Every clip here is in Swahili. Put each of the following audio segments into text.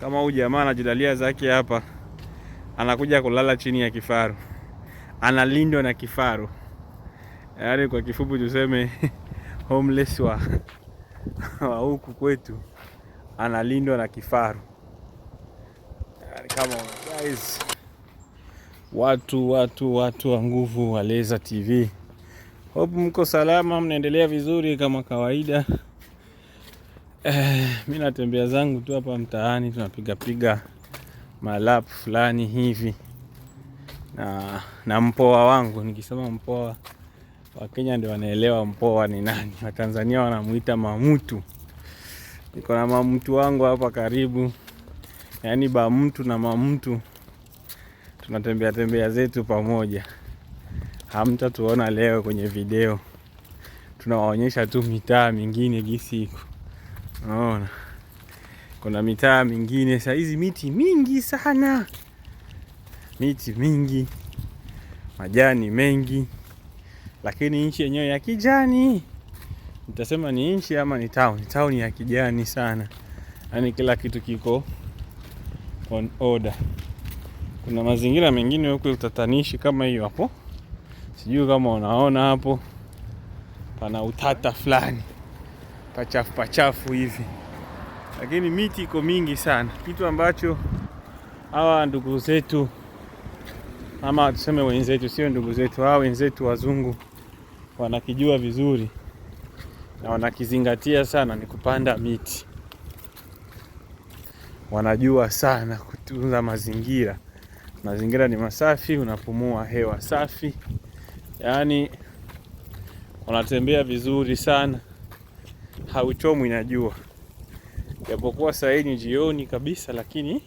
kama huyu jamaa anajilalia zake hapa, anakuja kulala chini ya kifaru, analindwa na kifaru. Yaani kwa kifupi tuseme homeless wa huku kwetu analindwa na kifaru. Yaani kama guys, watu watu watu wa nguvu wa Leza TV, hope mko salama, mnaendelea vizuri kama kawaida. Eh, mi natembea zangu tu hapa mtaani, tunapigapiga malapu fulani hivi na, na mpoa wangu. Nikisema mpoa, Wakenya ndio wanaelewa mpoa ni nani, Watanzania wanamuita mamutu. Niko na mamutu wangu hapa karibu, yaani mtu na mamutu tunatembea tembea zetu pamoja. Hamtatuona leo kwenye video, tunawaonyesha tu mitaa mingine gisi iko naona kuna mitaa mingine saa hizi miti mingi sana, miti mingi, majani mengi, lakini nchi yenyewe ya kijani. Nitasema ni nchi ama ni town? Town ya kijani sana, yaani kila kitu kiko on order. Kuna mazingira mengine huku utatanishi kama hiyo hapo, sijui kama unaona hapo pana utata fulani pachafu pachafu hivi, lakini miti iko mingi sana, kitu ambacho hawa ndugu zetu ama tuseme wenzetu, sio ndugu zetu, hawa wenzetu wazungu wanakijua vizuri na wanakizingatia sana, ni kupanda miti. Wanajua sana kutunza mazingira, mazingira ni masafi, unapumua hewa safi, yaani wanatembea vizuri sana hauchomwi na jua, japokuwa saa hii ni jioni kabisa, lakini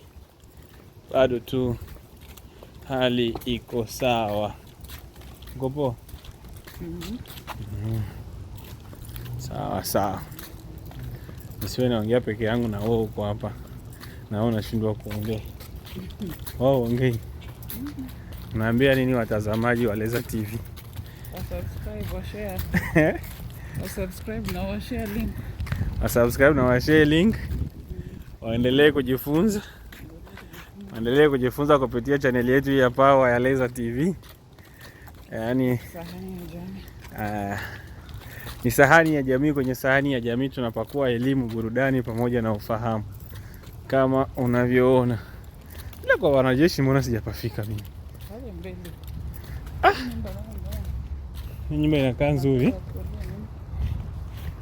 bado tu hali iko sawa. Gopo mm -hmm. mm. Sawa sawa, nisiwe naongea peke yangu na wewe uko hapa na wewe unashindwa kuongea. Wao ongei, naambia nini watazamaji wa Leza TV? Subscribe, share. wasubscribe na washare link, waendelee kujifunza, waendelee kujifunza kupitia chaneli yetu ya Power ya Laizer TV. Yaani ah, ni sahani ya jamii. Kwenye sahani ya jamii tunapakua elimu, burudani pamoja na ufahamu, kama unavyoona. Ila kwa wanajeshi, mbona sijapafika mimi? Ah, nyumba inakaa nzuri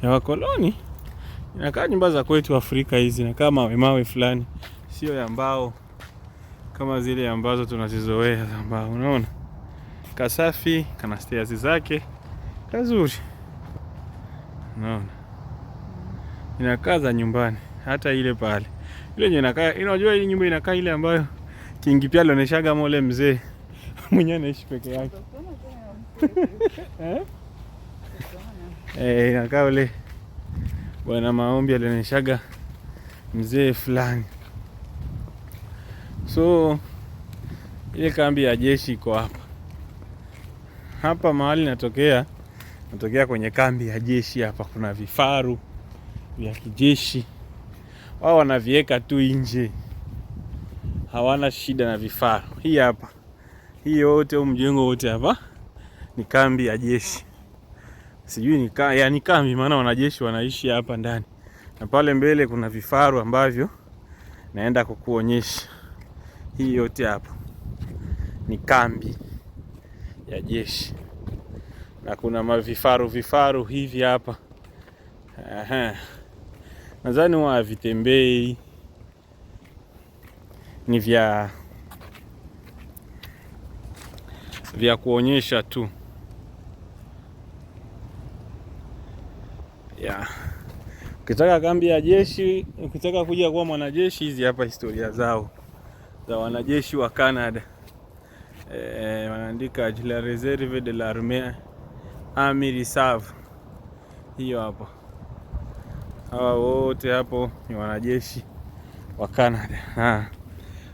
ya wakoloni. Inakaa nyumba za kwetu Afrika hizi, inakaa mawe mawe fulani, sio ya mbao kama zile ambazo tunazizoea za mbao. Unaona kasafi, kana stairs zake kazuri, unaona inakaa za nyumbani. Hata ile pale ile inakaa, unajua ile nyumba inakaa ile ambayo kingi pia anaoneshaga mole mzee mwenye anaishi peke yake eh, inakaa ule bwana maombi alionyeshaga mzee fulani. So ile kambi ya jeshi iko hapa hapa mahali natokea, natokea kwenye kambi ya jeshi hapa. Kuna vifaru vya kijeshi, wao wanavieka tu nje, hawana shida na vifaru. Hii hapa, hii yote, huu mjengo wote hapa ni kambi ya jeshi sijui ni kambi ni kambi, maana wanajeshi wanaishi hapa ndani, na pale mbele kuna vifaru ambavyo naenda kukuonyesha. Hii yote hapa ni kambi ya jeshi, na kuna mavifaru vifaru hivi hapa. Aha, nadhani wa vitembei ni vya vya kuonyesha tu. yeah. Ukitaka kambi ya jeshi, ukitaka kuja kuwa mwanajeshi, hizi hapa historia zao za wanajeshi wa Canada. E, wanaandika la reserve de l'armée army reserve, hiyo hapo. Hawa wote hapo ni wanajeshi wa Canada. Ha.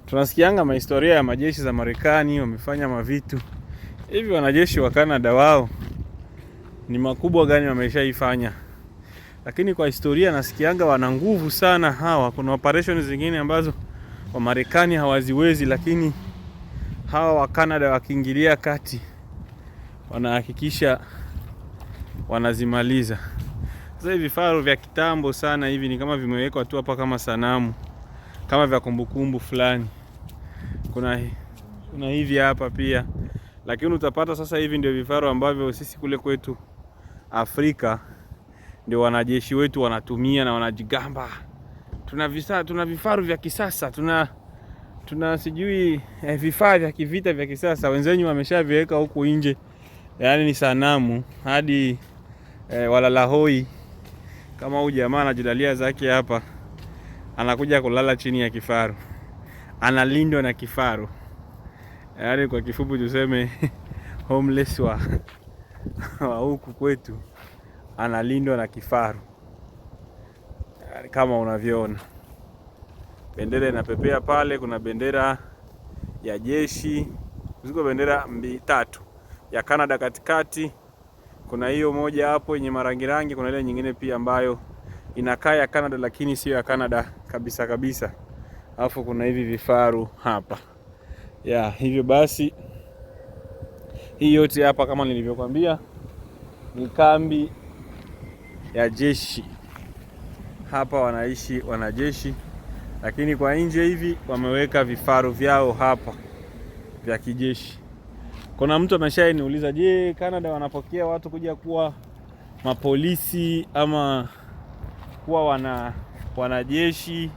Tunasikianga mahistoria ya majeshi za Marekani wamefanya mavitu hivi. Wanajeshi wa Canada wao ni makubwa gani wameshaifanya? lakini kwa historia nasikianga wana nguvu sana hawa. Kuna operation zingine ambazo Wamarekani hawaziwezi, lakini hawa wa Canada wakiingilia kati wanahakikisha wanazimaliza. Sasa hivi vifaru vya kitambo sana hivi ni kama vimewekwa tu hapa kama sanamu, kama vya kumbukumbu fulani. Kuna, kuna hivi hapa pia, lakini utapata sasa hivi ndio vifaru ambavyo sisi kule kwetu Afrika ndio wanajeshi wetu wanatumia na wanajigamba, tuna visa, tuna vifaru vya kisasa tuna tuna sijui eh, vifaa vya kivita vya kisasa. Wenzenyu wameshaviweka huku nje, yaani ni sanamu hadi eh, walalahoi kama huyu jamaa anajilalia zake hapa, anakuja kulala chini ya kifaru, analindwa na kifaru. Yaani kwa kifupi tuseme homeless wa huku kwetu analindwa na kifaru kama unavyoona, bendera inapepea pale. Kuna bendera ya jeshi, ziko bendera mbili tatu, ya Canada katikati, kuna hiyo moja hapo yenye marangi rangi, kuna ile nyingine pia ambayo inakaa ya Canada lakini sio ya Canada kabisa kabisa, alafu kuna hivi vifaru hapa ya yeah. Hivyo basi hii yote hapa kama nilivyokwambia ni kambi ya jeshi. Hapa wanaishi wanajeshi, lakini kwa nje hivi wameweka vifaru vyao hapa vya kijeshi. Kuna mtu ameshaniuliza, je, Canada wanapokea watu kuja kuwa mapolisi ama kuwa wana wanajeshi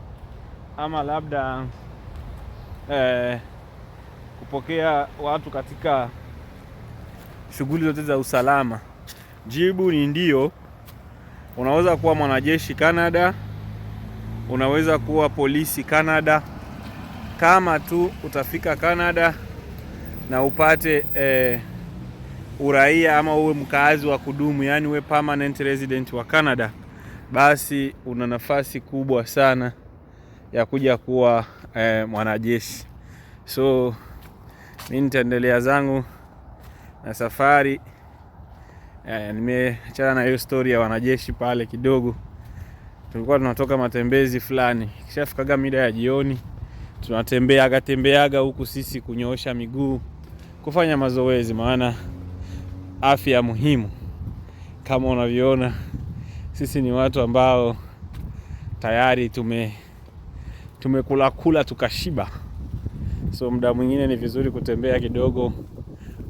ama labda eh, kupokea watu katika shughuli zote za usalama? Jibu ni ndio. Unaweza kuwa mwanajeshi Canada, unaweza kuwa polisi Canada, kama tu utafika Canada na upate eh, uraia ama uwe mkaazi wa kudumu, yaani uwe permanent resident wa Canada, basi una nafasi kubwa sana ya kuja kuwa eh, mwanajeshi. So mimi nitaendelea zangu na safari. Eh, nimechana na hiyo stori ya wanajeshi pale kidogo. Tulikuwa tunatoka matembezi fulani, kishafikaga mida ya jioni, tunatembeaga tembeaga huku sisi kunyoosha miguu, kufanya mazoezi, maana afya muhimu. Kama unavyoona sisi ni watu ambao tayari tume tumekula kula tukashiba, so muda mwingine ni vizuri kutembea kidogo,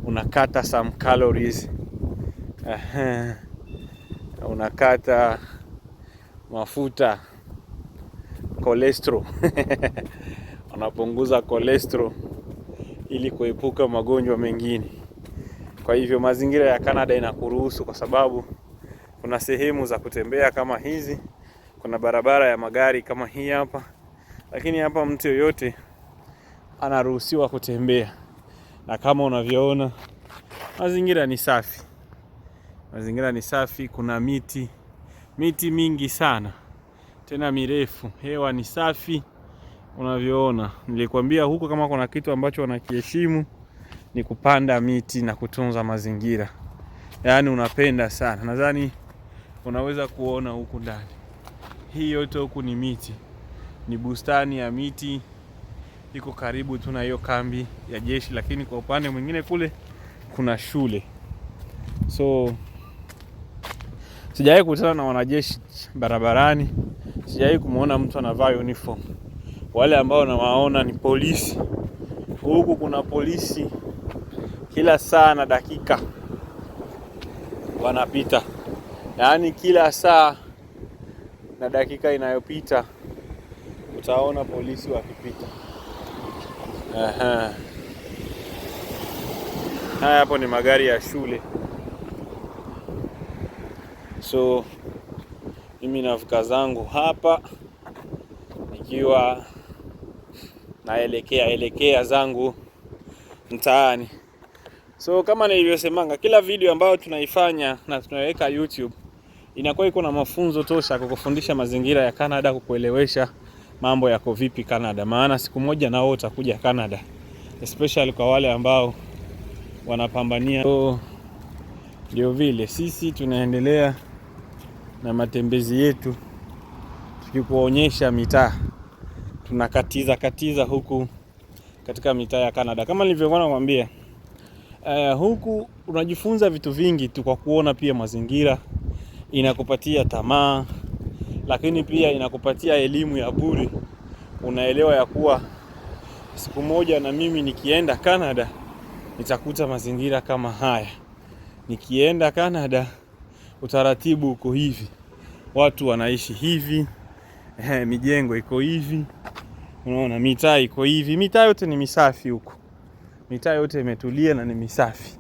unakata some calories unakata mafuta kolestro unapunguza kolestro ili kuepuka magonjwa mengine. Kwa hivyo mazingira ya Canada inakuruhusu kwa sababu kuna sehemu za kutembea kama hizi, kuna barabara ya magari kama hii hapa, lakini hapa mtu yoyote anaruhusiwa kutembea, na kama unavyoona mazingira ni safi. Mazingira ni safi, kuna miti miti mingi sana tena mirefu, hewa ni safi unavyoona. Nilikwambia huko kama kuna kitu ambacho wanakiheshimu ni kupanda miti na kutunza mazingira, yaani unapenda sana. Nadhani unaweza kuona huku ndani, hii yote huku ni miti, ni bustani ya miti, iko karibu tu na hiyo kambi ya jeshi, lakini kwa upande mwingine kule kuna shule so Sijawahi kukutana na wanajeshi barabarani, sijawahi kumwona mtu anavaa uniform. Wale ambao nawaona ni polisi. Huku kuna polisi kila saa na dakika wanapita, yaani kila saa na dakika inayopita utaona polisi wakipita. Aha. Haya, hapo ni magari ya shule. So mimi navuka zangu hapa nikiwa naelekea elekea zangu mtaani. So kama nilivyosemanga, kila video ambayo tunaifanya na tunaweka YouTube inakuwa iko na mafunzo tosha kukufundisha mazingira ya Canada, kukuelewesha mambo yako vipi Canada, maana siku moja nao utakuja Canada, especially kwa wale ambao wanapambania. So ndio vile sisi tunaendelea na matembezi yetu, tukikuonyesha mitaa tunakatiza katiza huku katika mitaa ya Canada. Kama nilivyokuwa nakwambia, uh, eh, huku unajifunza vitu vingi tu kwa kuona, pia mazingira inakupatia tamaa, lakini pia inakupatia elimu ya bure. Unaelewa ya kuwa siku moja na mimi nikienda Canada nitakuta mazingira kama haya, nikienda Canada utaratibu uko hivi, watu wanaishi hivi, mijengo iko hivi, unaona, mitaa iko hivi. Mitaa yote ni misafi huko, mitaa yote imetulia na ni misafi.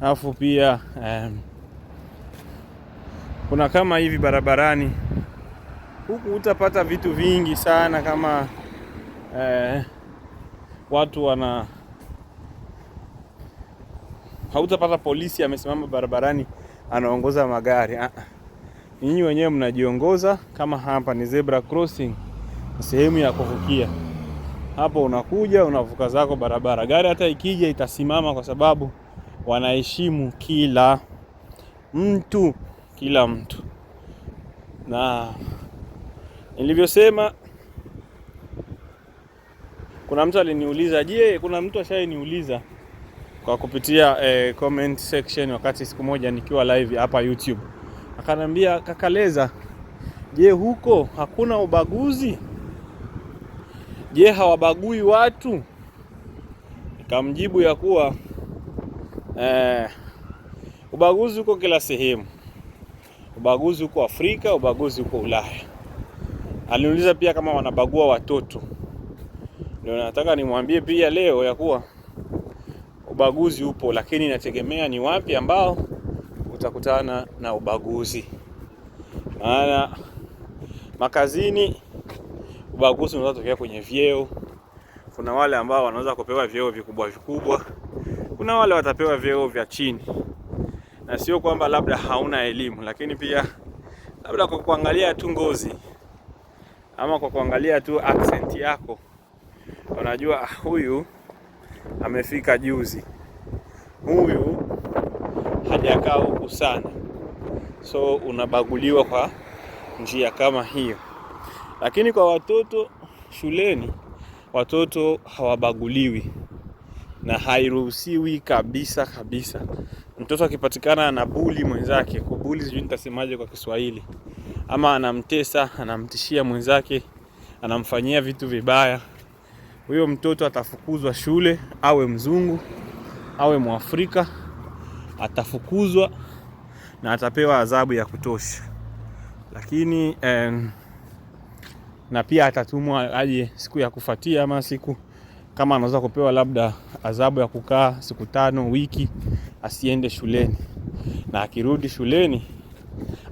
Alafu pia um, kuna kama hivi barabarani huku utapata vitu vingi sana kama eh, watu wana, hautapata polisi amesimama barabarani anaongoza magari. Ah, ah. Nyinyi wenyewe mnajiongoza. Kama hapa ni zebra crossing, sehemu ya kuvukia hapo, unakuja unavuka zako barabara. Gari hata ikija itasimama, kwa sababu wanaheshimu kila mtu, kila mtu. Na nilivyosema, kuna mtu aliniuliza, je, kuna mtu ashaeniuliza kwa kupitia eh, comment section wakati siku moja nikiwa live hapa YouTube, akaniambia kakaleza, je, huko hakuna ubaguzi? Je, hawabagui watu? Nikamjibu ya kuwa eh, ubaguzi uko kila sehemu, ubaguzi uko Afrika, ubaguzi uko Ulaya. Aliniuliza pia kama wanabagua watoto. Ndio nataka nimwambie pia leo ya kuwa ubaguzi upo, lakini inategemea ni wapi ambao utakutana na ubaguzi. Maana makazini ubaguzi unaweza tokea kwenye vyeo. Kuna wale ambao wanaweza kupewa vyeo vikubwa vikubwa, kuna wale watapewa vyeo vya chini, na sio kwamba labda hauna elimu, lakini pia labda kwa kuangalia tu ngozi ama kwa kuangalia tu accent yako unajua ah, huyu amefika juzi, huyu hajakaa huku sana, so unabaguliwa kwa njia kama hiyo. Lakini kwa watoto shuleni, watoto hawabaguliwi na hairuhusiwi kabisa kabisa. Mtoto akipatikana ana buli mwenzake, kubuli, sijui nitasemaje kwa Kiswahili, ama anamtesa, anamtishia mwenzake, anamfanyia vitu vibaya huyo mtoto atafukuzwa shule, awe mzungu awe Mwafrika, atafukuzwa na atapewa adhabu ya kutosha. Lakini eh, na pia atatumwa aje siku ya kufuatia, ama siku kama anaweza kupewa labda adhabu ya kukaa siku tano, wiki, asiende shuleni, na akirudi shuleni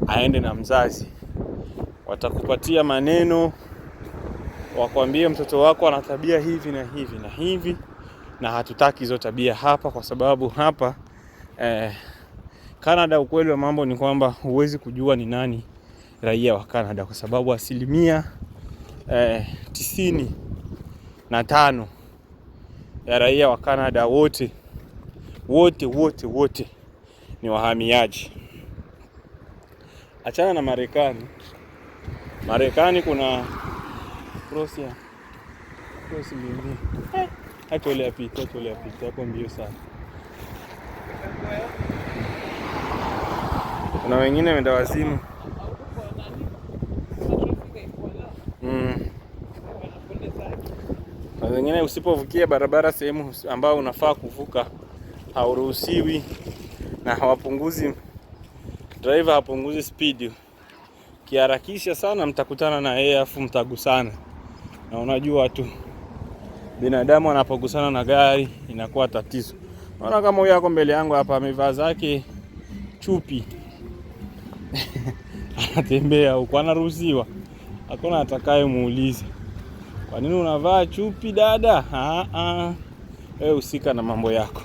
aende na mzazi. Watakupatia maneno wakwambie mtoto wako ana tabia hivi na hivi na hivi, na hatutaki hizo tabia hapa, kwa sababu hapa eh, Canada, ukweli wa mambo ni kwamba huwezi kujua ni nani raia wa Canada kwa sababu asilimia eh, tisini na tano ya raia wa Canada wote wote wote wote ni wahamiaji. Achana na Marekani. Marekani kuna cross ya cross mbili hata ule apita, hata ule apita hapo mbio sana. Kuna wengine wenda wazimu mm. wengine mm. Usipovukia barabara sehemu ambayo unafaa kuvuka hauruhusiwi, na hawapunguzi driver hapunguzi speed, kiharakisha sana mtakutana na yeye afu mtagusana na unajua tu binadamu anapogusana na gari inakuwa tatizo. Naona kama huyo yako mbele yangu hapa amevaa zake chupi anatembea huko, anaruhusiwa. Hakuna atakaye muuliza kwa nini unavaa chupi dada? Ah, ah. Wewe husika na mambo yako.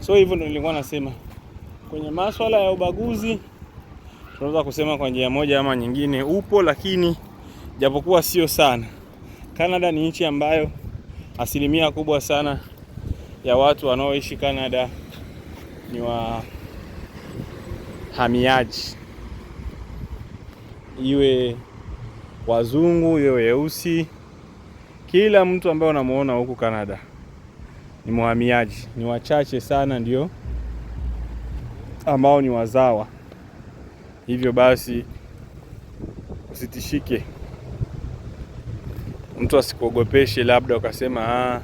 So hivyo ndio nilikuwa nasema kwenye masuala ya ubaguzi, tunaweza kusema kwa njia moja ama nyingine upo, lakini japokuwa sio sana. Canada ni nchi ambayo asilimia kubwa sana ya watu wanaoishi Canada ni wahamiaji, iwe wazungu iwe weusi. Kila mtu ambaye unamuona huku Canada ni mhamiaji. Ni wachache sana ndio ambao ni wazawa. Hivyo basi usitishike mtu asikuogopeshe, labda ukasema ah,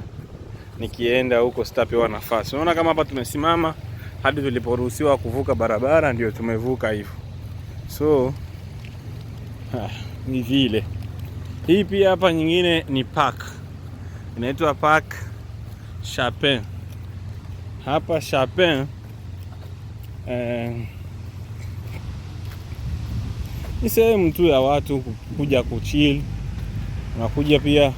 nikienda huko sitapewa nafasi. Unaona kama hapa tumesimama hadi tuliporuhusiwa kuvuka barabara ndio tumevuka hivyo, so ah, ni vile. Hii pia hapa nyingine ni park, inaitwa Park Chapin. Hapa Chapin eh, ni sehemu tu ya watu kuja kuchili unakuja pia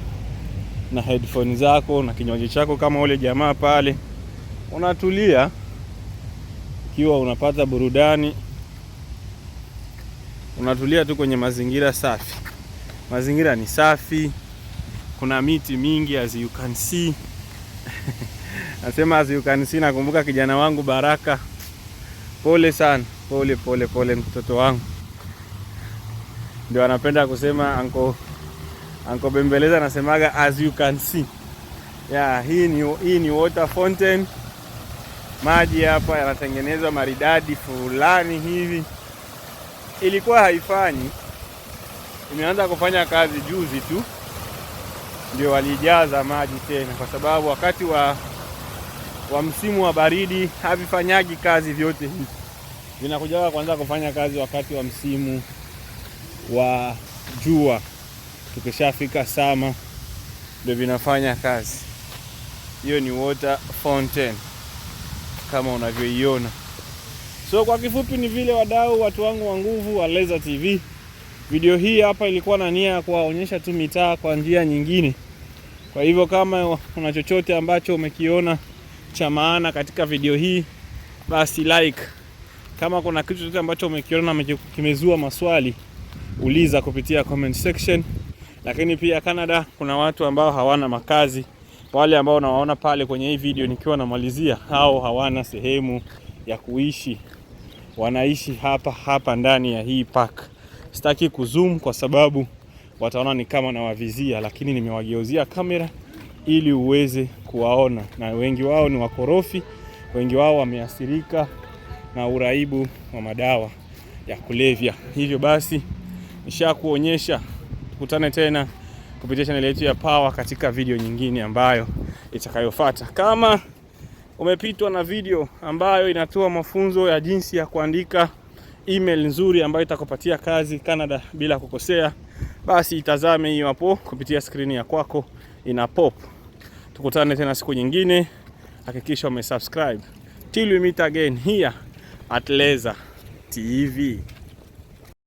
na headphone zako na kinywaji chako kama ule jamaa pale, unatulia ukiwa unapata burudani, unatulia tu kwenye mazingira safi. Mazingira ni safi, kuna miti mingi as you can see nasema as you can see. Nakumbuka kijana wangu Baraka, pole sana, pole pole pole, mtoto wangu ndio anapenda kusema uncle Anko Bembeleza anasemaga as you can see. Yeah, hii ni, hii ni water fountain. Maji hapa yanatengenezwa maridadi fulani hivi. Ilikuwa haifanyi, imeanza kufanya kazi juzi tu ndio walijaza maji tena, kwa sababu wakati wa, wa msimu wa baridi havifanyagi kazi vyote hivi, vinakuja kuanza kufanya kazi wakati wa msimu wa jua. Tukishafika sama ndio vinafanya kazi. Hiyo ni water fountain kama unavyoiona. So kwa kifupi ni vile wadau, watu wangu wa nguvu wa Leza TV. Video hii hapa ilikuwa na nia ya kuwaonyesha tu mitaa kwa njia nyingine. Kwa hivyo kama kuna chochote ambacho umekiona cha maana katika video hii, basi like. Kama kuna kitu chochote ambacho umekiona kimezua maswali, uliza kupitia comment section. Lakini pia Canada kuna watu ambao hawana makazi, wale ambao nawaona pale kwenye hii video nikiwa namalizia, hao hawana sehemu ya kuishi, wanaishi hapa hapa ndani ya hii park. Sitaki kuzoom kwa sababu wataona ni kama nawavizia, lakini nimewageuzia kamera ili uweze kuwaona, na wengi wao ni wakorofi, wengi wao wameathirika na uraibu wa madawa ya kulevya. Hivyo basi nishakuonyesha tukutane tena kupitia chaneli yetu ya Power katika video nyingine ambayo itakayofuata. Kama umepitwa na video ambayo inatoa mafunzo ya jinsi ya kuandika email nzuri ambayo itakupatia kazi Canada bila kukosea, basi itazame hiyo hapo kupitia skrini ya kwako ina pop. Tukutane tena siku nyingine, hakikisha umesubscribe. Till we meet again here at Leza TV.